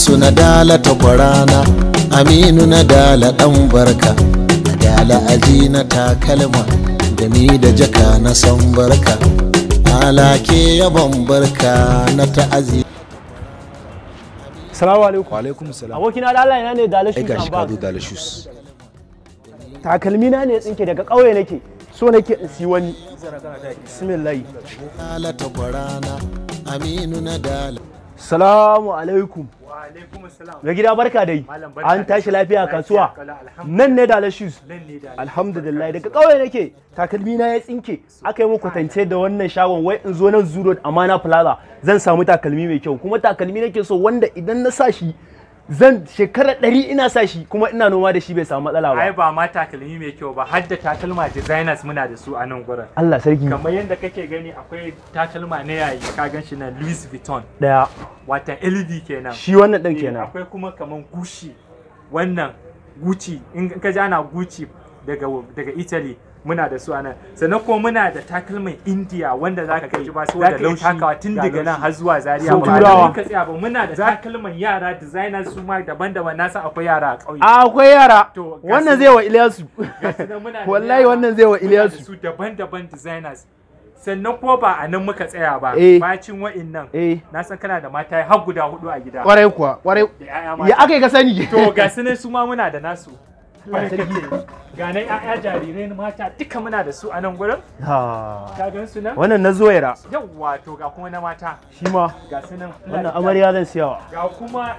Su na dala takwarana Aminu na dala ɗan barka na dala aji na takalma da ni da jaka na san barka alake yabon barka na ta'azi Salamu alaikum. Alaikum salam. Abokina da Allah ina ne Dalashus. Ai gashi ka zo Dalashus. Takalmi na ne tsinke daga kauye nake. So nake in si wani. Bismillah. Salamu alaikum. Wa gida barka dai. An tashi lafiya kasuwa. Nan ne Dala Shoes. Alhamdulillah daga kauye nake. Takalmi na ya tsinke. Aka yi mu kwatance da wannan shagon wai in zo nan zuro a Amana Plaza zan samu takalmi mai kyau kuma takalmi nake so wanda idan na sa shi zan shekara ɗari ina sa shi kuma ina noma da shi bai samu matsala ba. Ai ba ma takalmi mai kyau ba har da takalma designers muna da su a nan gurin. Allah sarki. Kamar yadda kake gani akwai takalma na yayi ka gan shi na Louis Vuitton. Daya. wata LED kenan shi wannan din eh, kenan akwai kuma kaman gushi wannan guci in ka ji ana guci daga daga Italy muna da su anan sannan kuma muna da takalmin India wanda zaka kai ji ba su da laushi takawa tun daga nan har zuwa Zaria ba da ka tsaya ba muna da takalmin yara designers su ma daban-daban na san akwai yara a ƙauye a akwai yara wannan zai wa Ilyasu wallahi wannan zai wa Ilyasu su daban-daban designers sannan ko ba a nan muka tsaya ba eh. bacin nan. Eh. na san kana da mata har guda hudu a gida kwarai kuwa kwarai ya aka yi ka sani to ga su su ma muna da nasu ga nan ƴaƴa jarirai mata duka muna da su a nan gurin ka gan su nan wannan na zoyara yawa to ga kuma na mata shi ma ga su nan wannan amarya zan siyawa ga kuma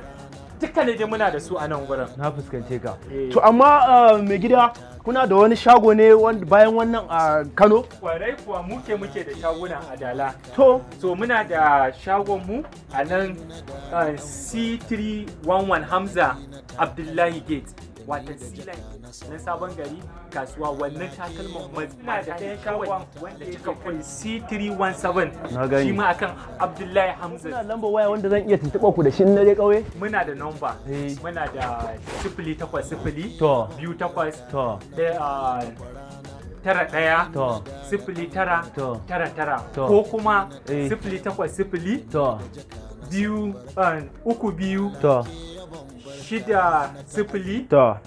duka ne muna da su a nan gurin na fuskance ka eh. to amma mai gida kuna da wani shago ne bayan wannan a Kano? Kwarai kuwa muke muke da shaguna a Dala. To. So muna da shagon mu a nan eh, C311 Hamza Abdullahi Gate. wata silan na sabon gari kasuwa wannan takalman mazina da ɗaya shagon wanda kika kun C317 na gani shi ma akan Abdullahi Hamza ina lamba waya wanda zan iya tuntuɓa ku da shi na dai kauye muna da number eh. muna da 0800 to 28 to da tara ɗaya sifili tara tara tara ko kuma sifili takwas sifili biyu eh. ah, uku biyu shida sifili to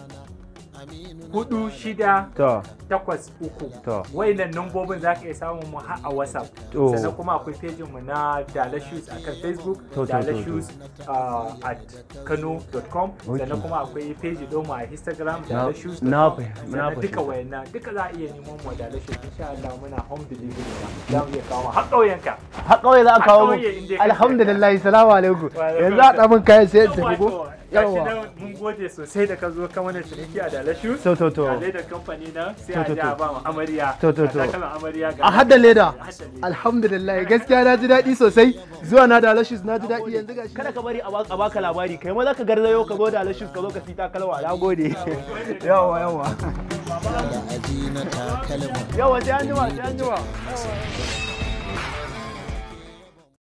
hudu shida to takwas uku to wayannan numbobin za ka iya samun mu har a whatsapp sannan kuma akwai pejin mu na dala shoes a kan facebook dala shoes uh, at kano.com sannan kuma akwai page don mu a instagram dala shoes na na duka wayannan duka za a iya neman mu dala shoes insha Allah muna home delivery za mu iya kawo har ƙauyen ka har kauye za a kawo mu alhamdulillah salamu alaikum yanzu a mun kayan sai tafi ko yawa mun gode da ka zo kan ciniki a dalashu to to to da kamfani na sai a ji a ba mu amarya to to to amarya ga a hadda leda alhamdulillah gaskiya na ji daɗi sosai zuwa na dalashus na ji daɗi yanzu gashi kada ka bari a baka labari kai ma za ka garzayo ka zo dalashus ka zo ka sita kalwa na gode yawa yawa yawa sai sai